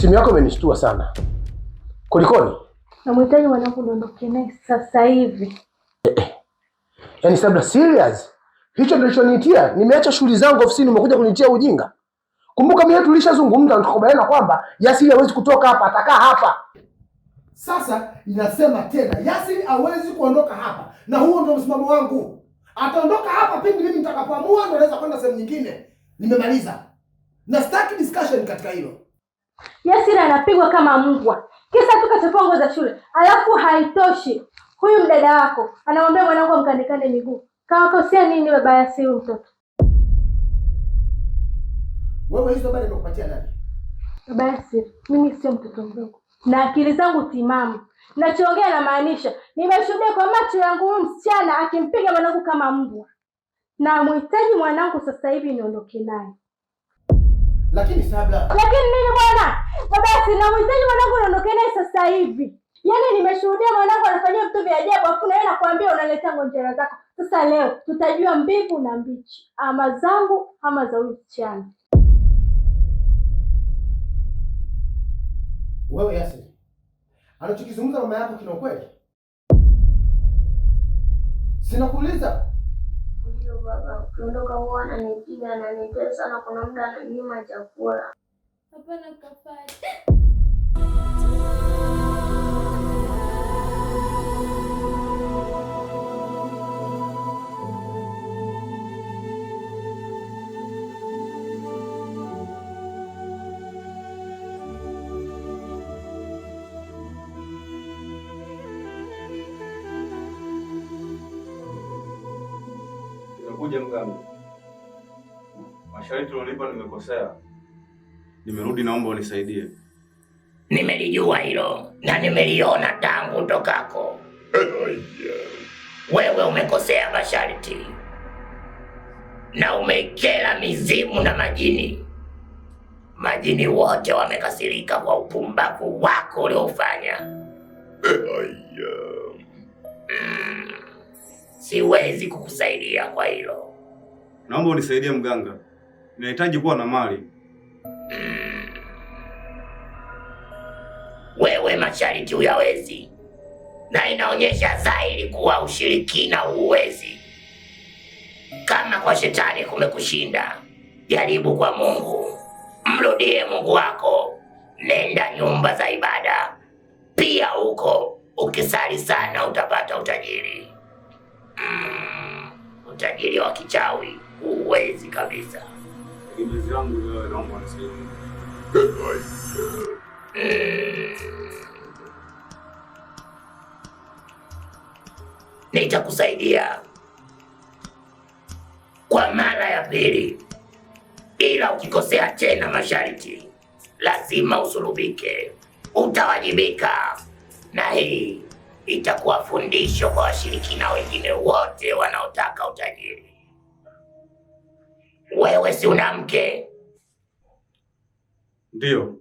Simu yako imenishtua sana. Kulikoni? Namhitaji mwanangu niondoke naye sasa hivi. Eh, eh. Yaani sabla serious? Hicho ndio kilichonitia. Nimeacha shughuli zangu ofisini, umekuja kunitia ujinga. Kumbuka mimi tulishazungumza tukakubaliana kwamba Yasiri hawezi kutoka hapa, atakaa hapa. Sasa inasema tena Yasiri hawezi kuondoka hapa, na huo ndio msimamo wangu. Ataondoka hapa pindi mimi nitakapoamua, ndio naweza kwenda sehemu nyingine. Nimemaliza na sitaki discussion katika hilo. Yasira anapigwa kama mbwa kisa tu kachafua nguo za shule. Alafu haitoshi, huyu mdada wako anamwambia mwanangu amkandekande miguu. Kawakosea nini baba Yasira mtoto? Wewe hizo bado nakupatia nani? Baba Yasira, mimi sio mtoto mdogo na akili zangu timamu. Nachoongea namaanisha, nimeshuhudia kwa macho yangu msichana akimpiga mwanangu kama mbwa. Namhitaji mwanangu sasa hivi niondoke naye. Lakini Sabla, lakini nini bwana? Basi na mwanangu anaondoka naye sasa hivi. Yaani nimeshuhudia mwanangu anafanyia vitu vya ajabu, afu na yeye nakwambia unaleta ngonjera zako. Sasa leo tutajua mbivu na mbichi, ama zangu ama za huyu msichana. Wewe Yasi, anachokizungumza mama yako kina ukweli? Sinakuuliza ndo baba ukiondoka huwa ananipiga ananitesa na kuna muda ananyima chakula. Hapana nimekosea, nimerudi, naomba unisaidie. Nimelijua hilo na nimeliona tangu tokako. Wewe umekosea masharti na umekela mizimu na majini. Majini wote wamekasirika kwa upumbavu wako uliofanya. Hmm. siwezi kukusaidia kwa hilo, naomba unisaidie mganga inahitaji kuwa na mali. Mm. Wewe masharti uyawezi, na inaonyesha dhahiri kuwa ushirikina uwezi. Kama kwa shetani kumekushinda, jaribu kwa Mungu, mrudie Mungu wako. Nenda nyumba za ibada, pia huko ukisali sana utapata utajiri. Mm, utajiri wa kichawi huwezi kabisa naomba eh. Nitakusaidia kwa mara ya pili, ila ukikosea tena masharti lazima usulubike, utawajibika, na hii itakuwa fundisho kwa washirikina wengine wote wanaotaka utajiri. Wewe si una mke? Ndio.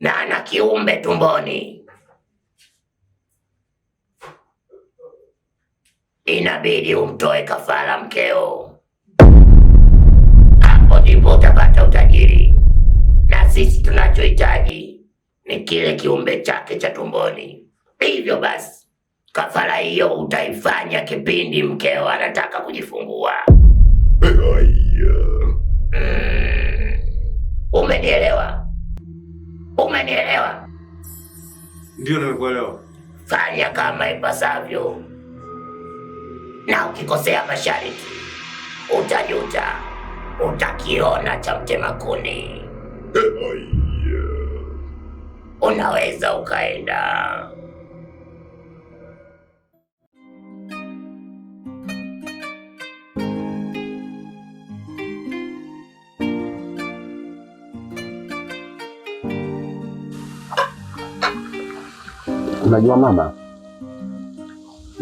na ana kiumbe tumboni, inabidi umtoe kafara mkeo. Hapo ndipo utapata utajiri, na sisi tunachohitaji ni kile kiumbe chake cha tumboni. Hivyo basi, kafara hiyo utaifanya kipindi mkeo anataka kujifungua. Hmm. Umenielewa? Umenielewa? Ndio, nimekuelewa. Fanya kama ipasavyo, na ukikosea mashariki utajuta, utakiona cha mtema kuni. Unaweza ukaenda Unajua mama,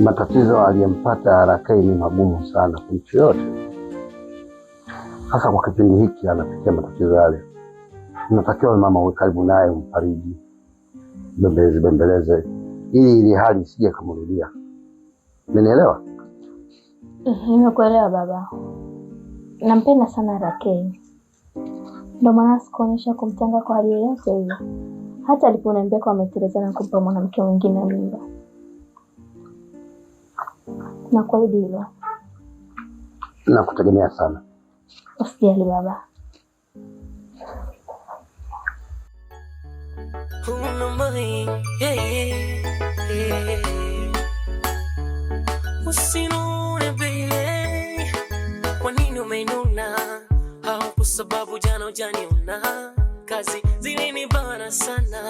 matatizo aliyempata arakei ni magumu sana kwa mtu yote, hasa kwa kipindi hiki anapitia matatizo yale. Unatakiwa mama uwe karibu naye, umfariji, bembeleze bembeleze, ili ili hali isije kumrudia. Umenielewa? Mhm, nimekuelewa baba. Nampenda sana arakei ndio maana sikuonyesha kumtenga kwa hali yoyote hiyo hata aliponiambia kuwa ametelezana kumpa mwanamke mwingine mimba, na kuahidi hilo. Nakutegemea sana. Usijali baba. Usinune bile, kwa nini umeinuna? Au kwa sababu jana ujaniona sana,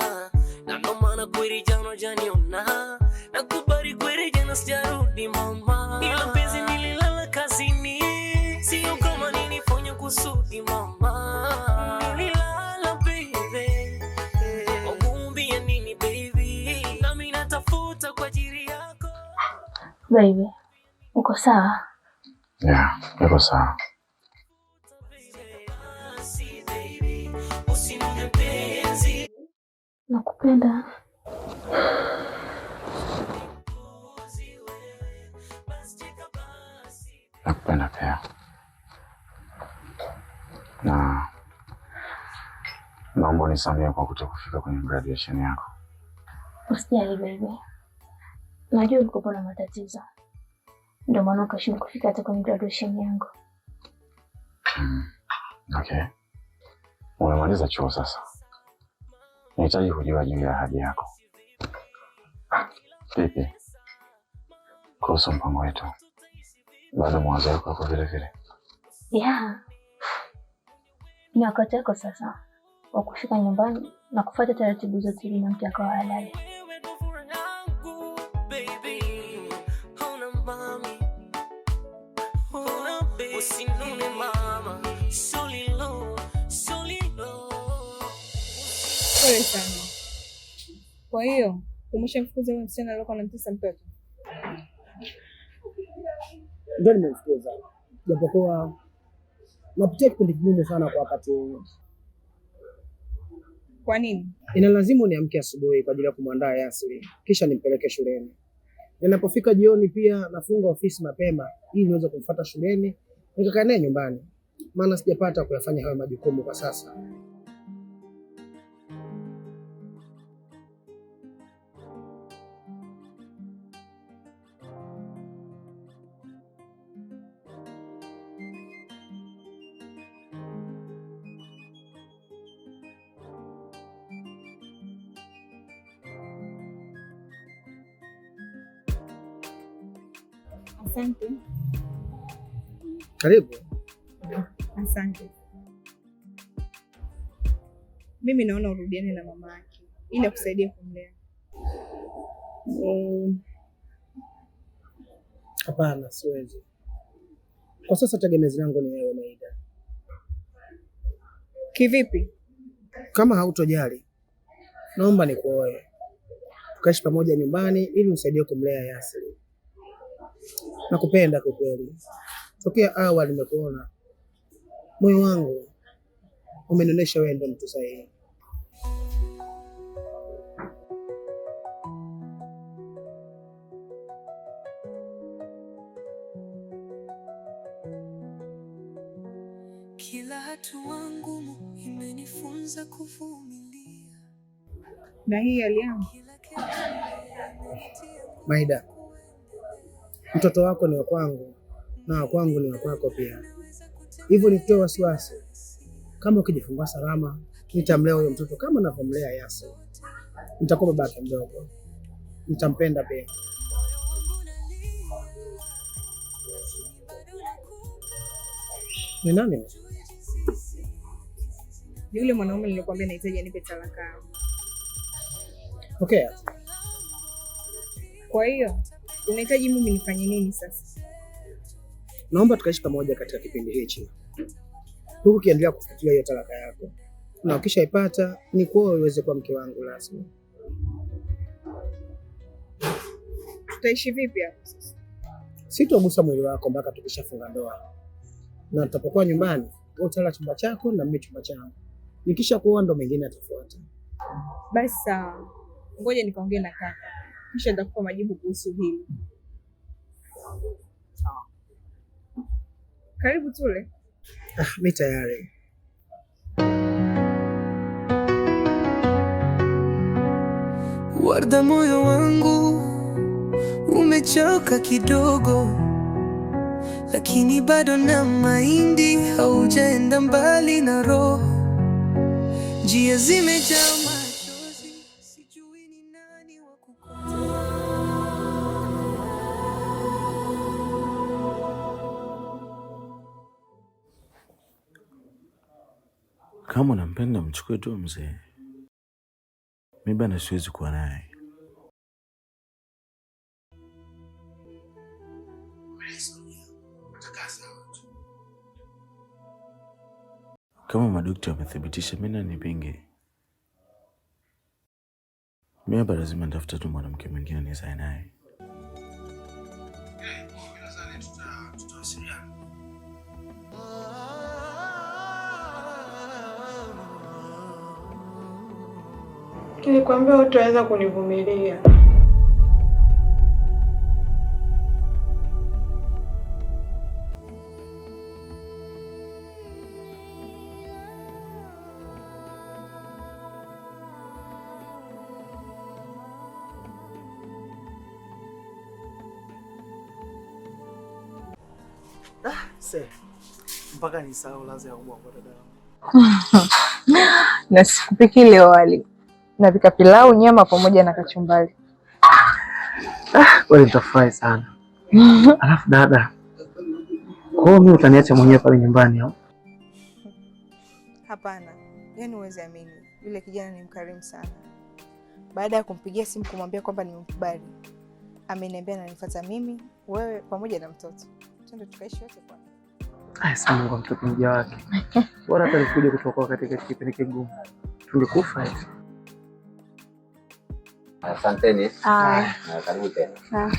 na ndo maana kweli jana janiona, kubari kweli jana sijarudi mama, ila penzi nililala kazini, sio kama niliponya kusudi mama, nililala nini baby, natafuta kwa ajili yako baby. Uko sawa? Yeah, niko sawa. Nakupenda. Nakupenda pia. Na naomba unisamehe kwa kutokufika kwenye graduation yako. Usijali baby. Najua ulikuwa na matatizo. Ndio maana ukashindwa kufika hata kwenye graduation yangu. Mm. Okay. Umemaliza chuo sasa? nahitaji kujua juu ya ahadi yako vipi kuhusu mpango wetu. Bado mawazo yako yako vile vile? Yeah, ni wakati wako sasa wa kufika nyumbani na kufuata taratibu zote ili mke akawa halali. Pole sana. Kwa hiyo umeshamfukuza huyo msichana aliyekuwa anamtesa mtoto? Ndio nimemfukuza, japokuwa napitia kipindi kigumu sana kwa wakati huu. Kwa nini? Inalazimu niamke asubuhi kwa ajili ya kumwandaa Yasiri kisha nimpeleke shuleni. Ninapofika jioni pia nafunga ofisi mapema ili niweze kumfuata shuleni nikakaa naye nyumbani, maana sijapata kuyafanya hayo majukumu kwa sasa. Asante. Karibu. Asante. Mimi naona urudiane na mama yake ili akusaidie kumlea. Um, hapana, mm, siwezi kwa sasa. Tegemezi langu ni wewe Maida. Kivipi? Kama hautojali, naomba nikuoe tukaishi pamoja nyumbani ili usaidie kumlea Yasri nakupenda kwa kweli, tokea awali nimekuona, moyo wangu umenionyesha wewe ndo mtu sahihi. Kila hatua ngumu imenifunza kuvumilia. Na hii hali yangu Maida Mtoto wako ni wa kwangu na wa kwangu ni wa kwako pia, hivyo nitoe wasiwasi. Kama ukijifungua salama, nitamlea huyo mtoto kama navyomlea Yase. Nitakuwa yake mdogo, nitampenda pia. Ni nani yule mwanaume nilikwambia nahitaji anipe talaka? Okay. Kwa hiyo unahitaji mimi nifanye nini sasa? Naomba tukaishi pamoja katika kipindi hichi, huku ukiendelea kufuatilia hiyo talaka yako, na ukishaipata ni kuoa uweze kuwa mke wangu rasmi. Tutaishi vipi hapo sasa? Sitogusa mwili wako mpaka tukishafunga ndoa, na tutapokuwa nyumbani utala chumba chako na mimi chumba changu. Nikisha kuoa ndo mengine atafuata. Basi sawa, ngoja nikaongee na kaka kisha nitakupa majibu kuhusu hili. Karibu tule. Ah, mi tayari. Warda, moyo wangu umechoka kidogo, lakini bado na mahindi haujaenda mbali na roho, njia zimejaa Kama unampenda mchukue tu mzee, mi bana siwezi kuwa naye. Kama madokta wamethibitisha, mi nanipinge? Mi hapa lazima nitafuta tu mwanamke mwingine nizae naye. Nilikwambia utaweza kunivumilia. Ah, Mpaka nisahau laza ya kubwa kwa dada yangu. Na sikupiki leo wali napika pilau, nyama pamoja na kachumbari. Ah, kweli nitafurahi sana. Alafu dada, kwa hiyo mimi utaniacha mwenyewe pale nyumbani au? Hapana, yaani huwezi amini, yule kijana ni mkarimu sana. Baada ya kumpigia simu kumwambia kwamba nimemkubali, ameniambia ananifuata mimi, wewe pamoja na mtoto, twende tukaishi wote kwa sana kwa mtoto mja wake. Bora hata alikuja kutoka katika kipindi kigumu, tungekufa hivi. Asanteni. Karibu tena.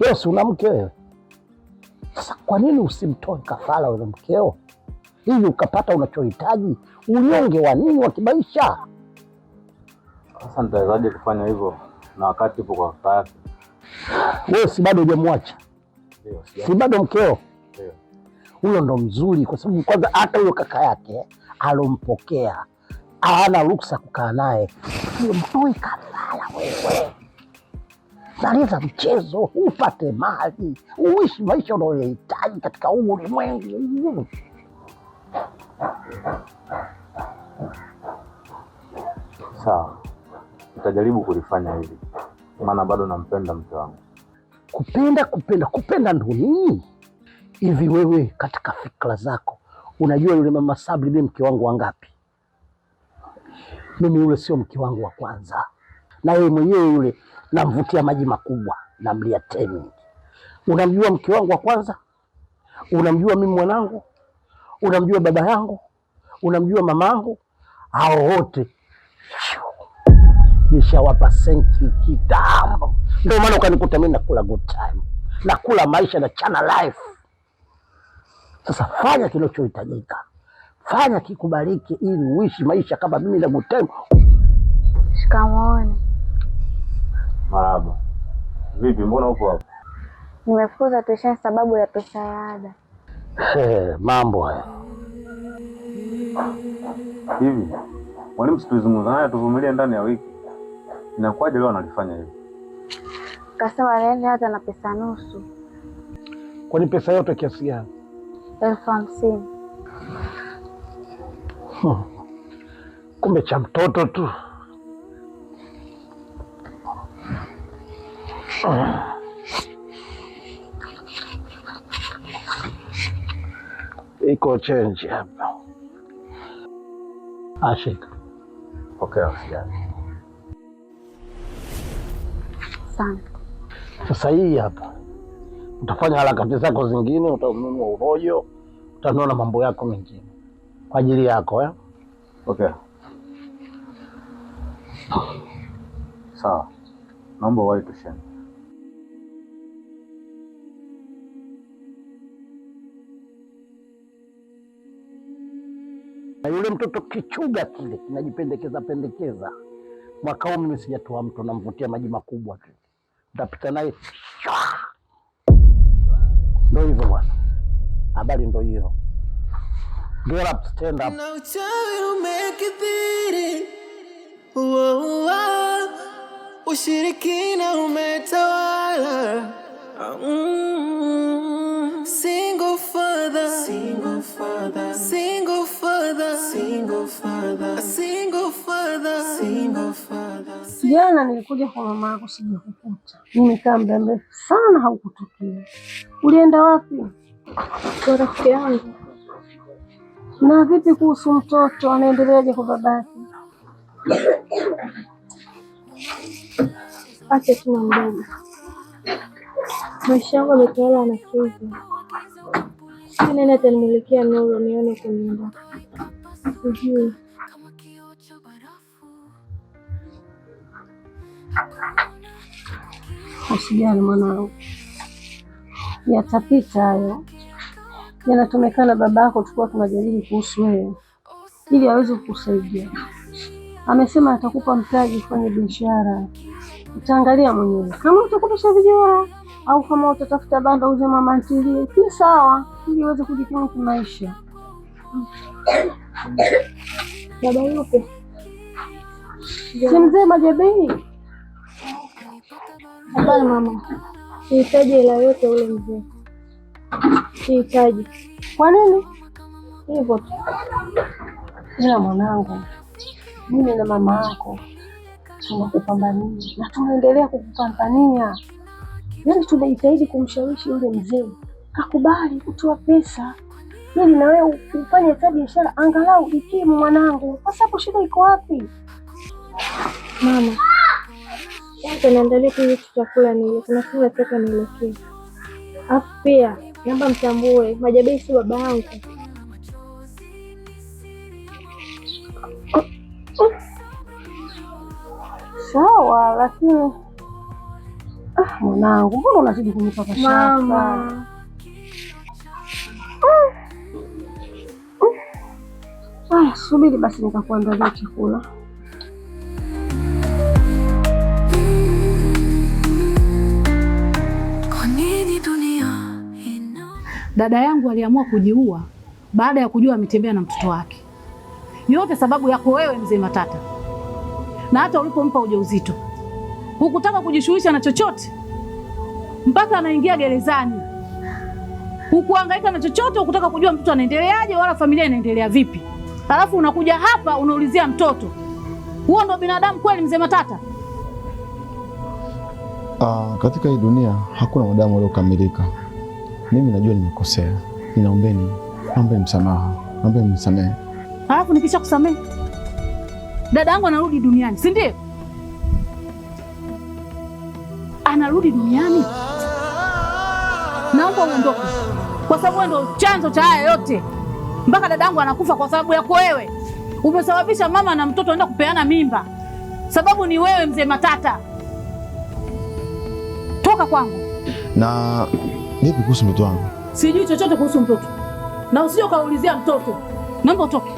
Yesu, una mke wewe? Sasa kwa nini usimtoe kafara ule mkeo hivi ukapata unachohitaji? Unyonge wa nini wa kimaisha? Sasa nitawezaje kufanya hivyo na wakati upo kwa kaka yake? Wewe si bado hujamwacha, si bado mkeo huyo ndo mzuri, kwa sababu kwanza hata huyo kaka yake alompokea hana ruksa kukaa naye. Mtoi kalala wewe, maliza mchezo, upate mali, uishi maisha unayohitaji katika huu ulimwengu. Sawa, nitajaribu kulifanya hili, maana bado nampenda mke wangu. Kupenda kupenda kupenda ndo nini? hivi wewe katika fikra zako unajua yule mama Sabri ni mke wangu wangapi? Mimi yule sio mke wangu wa kwanza, na yeye mwenyewe yule namvutia maji makubwa, namlia teni. Unamjua mke wangu wa kwanza, unamjua mimi mwanangu, unamjua baba yangu, unamjua mama yangu, hao wote nishawapa senki kitambo. Ndio maana ukanikuta mimi nakula good time, nakula maisha na chana life sasa fanya kinachohitajika, fanya kikubariki, ili uishi maisha kama mimi na Mutemo. Shikamoni. Marahaba. Vipi, mbona upo hapo? Nimefukuza tuishani sababu ya pesa ya ada. Hey, eh, mambo haya hivi. Mwalimu situizungumza naye tuvumilie ndani ya wiki, inakuwaje leo analifanya hivi? Kasema nene hata na pesa nusu. Kwani pesa yote kiasi gani? elfu hamsini. Hmm. Kumbe cha mtoto tu. Hmm. Iko chenji hapa. Ashika. Okay, asante. Sasa hii hapa utafanya harakati zako zingine, utanunua urojo, utanona mambo yako mengine kwa ajili yako eh? Okay, sawa, naomba wahi Na yule mtoto kichuga kile kinajipendekeza pendekeza, mwaka huu mimi sijatoa mtu, namvutia maji makubwa tu, ntapita naye Ndo hivyo bwana, habari ndo hiyo. Get up, stand up. Now tell you make it beat it. Whoa, Ushirikina umetawala. Mm. Single father. Single father. Single father. Single father. Single father. Single father. Jana nilikuja kwa mama yako sijakukuta. Nimekaa muda mrefu sana haukutokea. Ulienda wapi? Kwa rafiki yangu. Na vipi kuhusu mtoto anaendeleaje kwa babake? Acha tu mdomo. Maisha yangu yametawala na kizi. Sina nani atanielekea nuru nione kwenye Sijui. Usijali mwanangu, yatapita hayo, Yanatumekana Baba yako tukua tunajadili kuhusu wewe ili aweze kukusaidia. Amesema atakupa mtaji kwenye biashara, utaangalia mwenyewe kama utakutosha vijana au kama utatafuta banda uze mama ntilie, si sawa, ili uweze kujikimu kimaisha. Baba yuko si mzee Majabei. Hapana mama, sihitaji hela yote ule mzee, sihitaji. Kwa nini? Hivyo tu. Ila mwanangu, mimi na mama yako tunakupambania na tunaendelea kukupambania, yaani tunajitahidi kumshawishi yule mzee akubali kutoa pesa ili yaani na wewe ufanye hata biashara angalau ikimu mwanangu. Sasa hapo shida iko wapi mama? Acha niangalie tu hicho chakula nile. Kuna kitu nataka nielekee. Alafu pia naomba mtambue Majabei si baba yangu. Sawa, lakini ah, mwanangu, mbona unazidi shaka? mashaka? Ah, subiri basi nikakuandalia chakula. Dada yangu aliamua kujiua baada ya kujua ametembea na mtoto wake. Yote sababu yako wewe, mzee Matata, na hata ulipompa ujauzito hukutaka kujishughulisha na chochote mpaka anaingia gerezani. hukuangaika na chochote, hukutaka kujua mtoto anaendeleaje wala familia inaendelea vipi, alafu unakuja hapa unaulizia mtoto. Huo ndo binadamu kweli, mzee Matata? Uh, katika hii dunia hakuna wanadamu waliokamilika mimi najua nimekosea, ninaombeni, naombe msamaha, naombe msamehe. Alafu nikisha kusamehe dada yangu anarudi duniani, si ndio? Anarudi duniani, naomba uondoke, kwa sababu ndio chanzo cha haya yote, mpaka dada yangu anakufa kwa sababu yako wewe. Umesababisha mama na mtoto aenda kupeana mimba, sababu ni wewe, mzee Matata. Toka kwangu na Nipi kuhusu mtoto wangu? Sijui chochote kuhusu mtoto, na usije ukaulizia mtoto. Naomba utoke.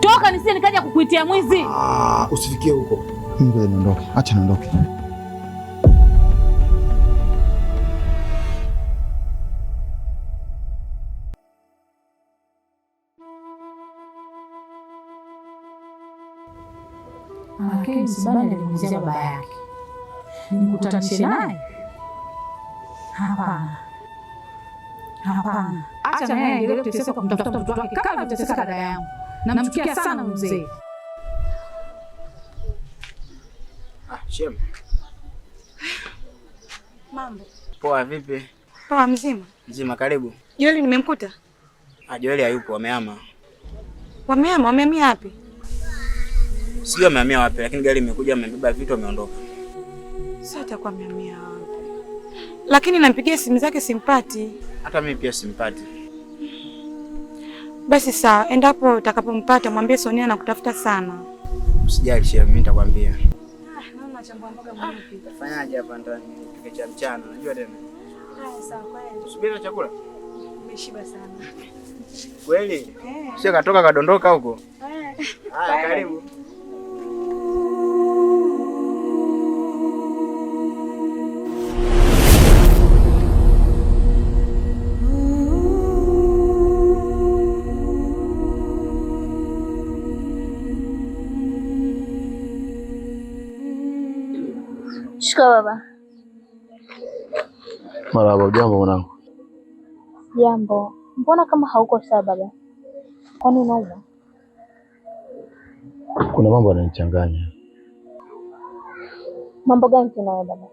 Toka nisije nikaja kukuitia mwizi. Ah, usifikie huko. Mimi niondoke. Acha niondoke. Msibani alimwuzia baba yake, nikutanishe naye Hapana, hapana, acha naye kuteseka kumtafuta mtoto wake kama alivyoteseka dada yangu. Namchukia sana mzee. Mambo. Poa vipi? Poa mzima. Mzima karibu. Joeli nimemkuta? Ah, Joeli hayupo, wamehama. Wamehama, wamehamia wapi? Sijui wamehamia wapi, lakini gari imekuja, amebeba vitu, ameondoka. Sasa itakuwa amehamia lakini nampigia simu zake simpati. Hata mimi pia simpati. Basi sawa, endapo utakapompata mwambie Sonia nakutafuta sana. Usijali shemeji, mimi nitakwambia. Ah, ah. Fanyaje hapa ndani Tuke cha mchana, unajua tena. sawa, kweli. Subiri na chakula. Nimeshiba sana. Kweli? Eh. Sio katoka kadondoka huko. Eh. Haya, karibu. Shika baba. Marahaba. Jambo mwanangu. Jambo. Mbona kama hauko sawa baba? Kwani unaumwa? Kuna mambo yananichanganya. Mambo gani tena baba?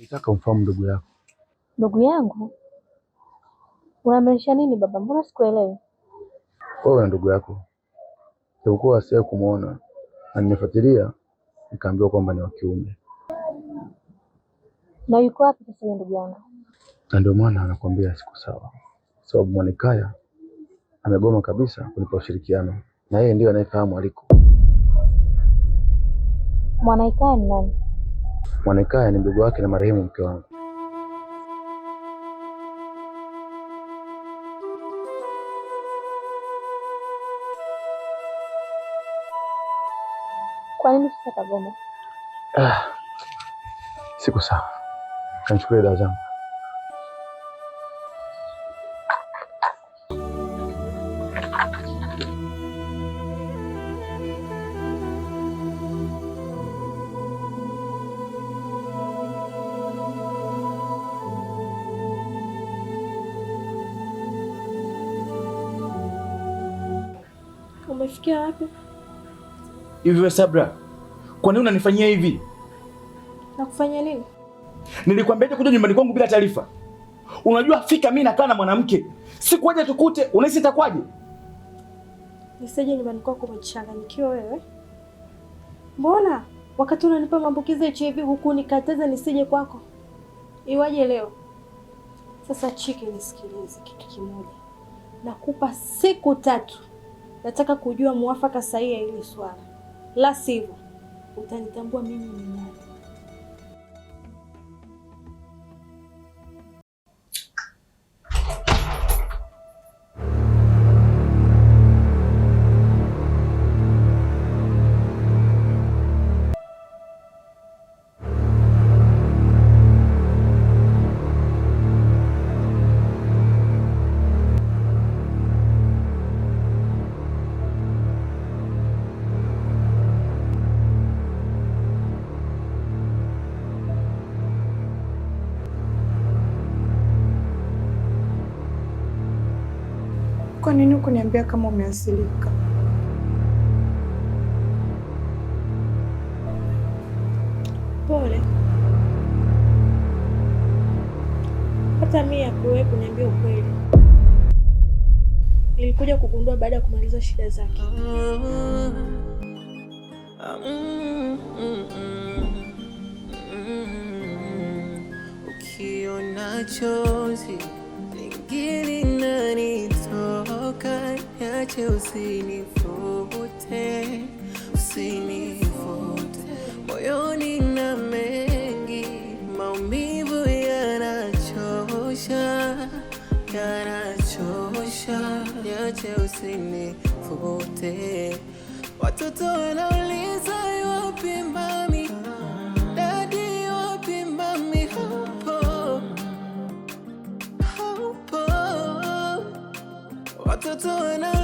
Nitaka umfahamu ndugu yako. Ndugu yangu? Unamaanisha nini baba? Mbona sikuelewi? wewe na ndugu yako, japokuwa asiye kumwona, na nimefuatilia nikaambiwa kwamba ni wa kiume. Na yuko wapi sasa ndugu yangu? Na ndio maana anakuambia siko sawa, sababu Mwanikaya amegoma kabisa kunipa ushirikiano, na yeye ndio anayefahamu aliko. Mwanaikaya ni nani? Mwanaikaya ni ndugu wake na marehemu mke wangu. 촬영시켜달라고. 아, 시고사, 간추에 나장. Mas que água. hivi Hivyo Sabra, kwa nini unanifanyia hivi? Nakufanyia nini? Nilikwambia kuja nyumbani kwangu bila taarifa. Unajua fika mimi nakaa na mwanamke, sikuja tukute, unahisi itakwaje? Nisije nyumbani kwako umechanganyikiwa wewe. Mbona wakati unanipa maambukizi ya HIV huku nikataza nisije kwako, iwaje leo? Sasa Chike, nisikilize kitu kimoja, nakupa siku tatu. Nataka kujua mwafaka sahihi ya hili swala la sivyo utanitambua mimi ni nani. kuniambia kama umeasilika. Pole. Hata mimi hakuwahi kuniambia ukweli. Nilikuja kugundua baada ya kumaliza shida zake. Ukiona chozi lingine niache, usinifute, usinifute. Moyoni na mengi, maumivu yanachosha, yanachosha. Niache, usinifute. Watoto wanauliza wapi mami, dadi wapi mami, haupo, haupo. Watoto wana